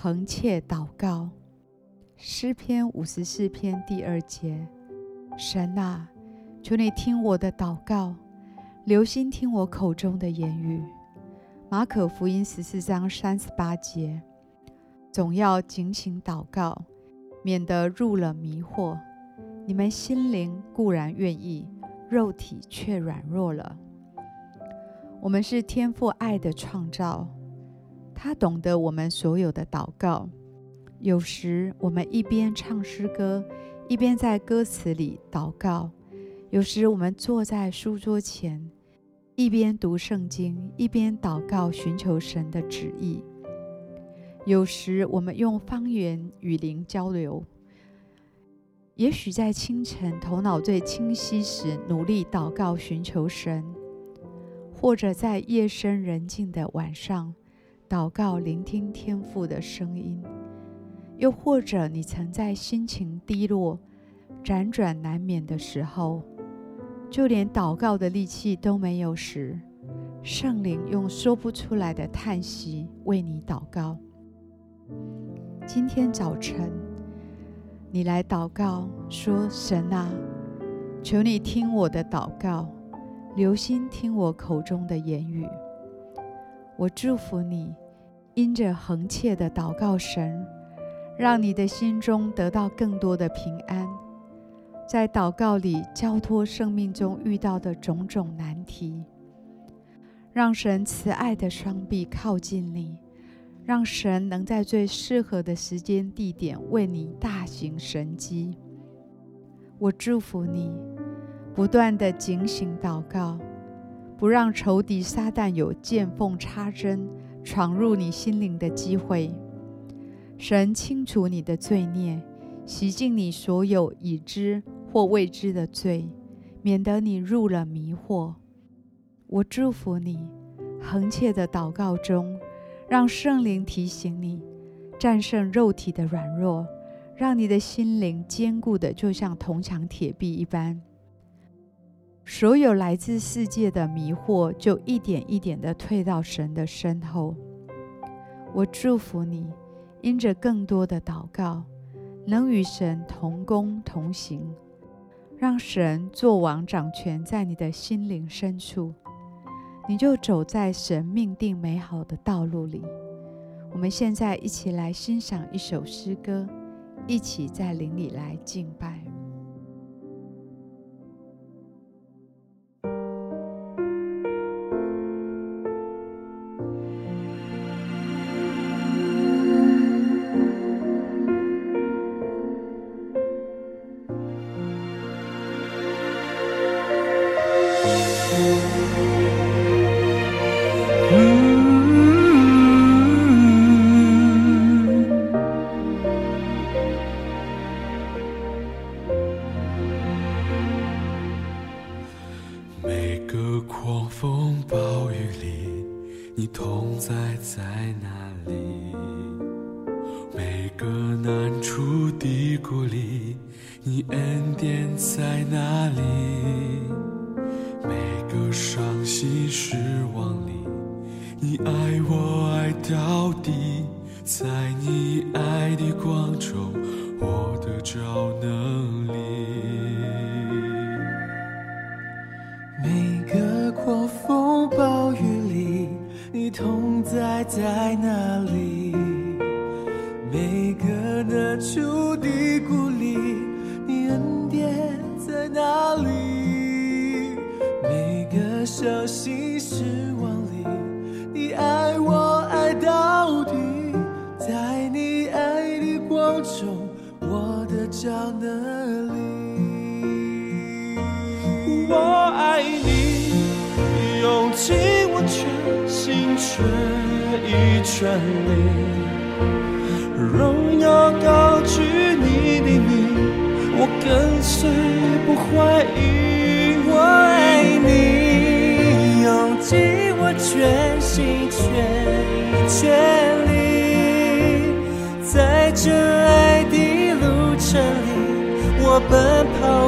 恆切禱告，詩篇五十四篇第二節：神啊，求你聽我的禱告，留心聽我口中的言語。馬可福音十四章三十八節：總要警醒禱告，免得入了迷惑。你們心靈固然願意，肉體卻軟弱了。我們是天父愛的創造。他懂得我們所有的禱告。有時我們一邊唱詩歌，一邊在歌詞裡禱告；有時我們坐在書桌前，一邊讀聖經，一邊禱告，尋求神的旨意；有時我們用方言與靈交流。也許在清晨頭腦最清晰時，努力禱告，尋求神；或者在夜深人靜的晚上。禱告，聆聽天父的聲音；又或者，你曾在心情低落、輾轉難眠的時候，就連禱告的力氣都沒有時，聖靈用說不出來的嘆息為你禱告。今天早晨，你來禱告說：“神啊，求你聽我的禱告，留心聽我口中的言語。”我祝福你，因着恆切的禱告神，神讓你的心中得到更多的平安，在禱告裡交托生命中遇到的種種難題，讓神慈愛的雙臂靠近你，讓神能在最適合的時間地點為你大行神蹟。我祝福你，不斷的警醒禱告。不讓仇敵撒旦有見縫插針、闖入你心靈的機會。神清除你的罪孽，洗淨你所有已知或未知的罪，免得你入了迷惑。我祝福你，恆切的禱告中，讓聖靈提醒你，戰勝肉體的軟弱，讓你的心靈堅固的就像銅牆鐵壁一般，所有來自世界的迷惑，就一點一點的退到神的身後。我祝福你，因着更多的禱告，能與神同工同行，讓神作王掌權在你的心靈深處，你就走在神命定美好的道路裡。我們現在一起來欣賞一首詩歌，一起在靈裡來敬拜。嗯嗯、每個狂風暴雨裡，你同在在哪裡？每個難處低谷裡，你恩典在哪裡？我傷心失望裡，你愛我愛到底，在你愛的光中，我得著能力。每個狂風暴雨裡，你同在在哪裡？你是往裡，你愛我愛到底，在你愛的光中，我的角落裡。我愛你，用盡我全心全意全力，榮耀高舉你的名，我跟隨不懷疑。全心全意全力，在這愛的路程裡，我奔跑。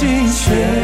心弦。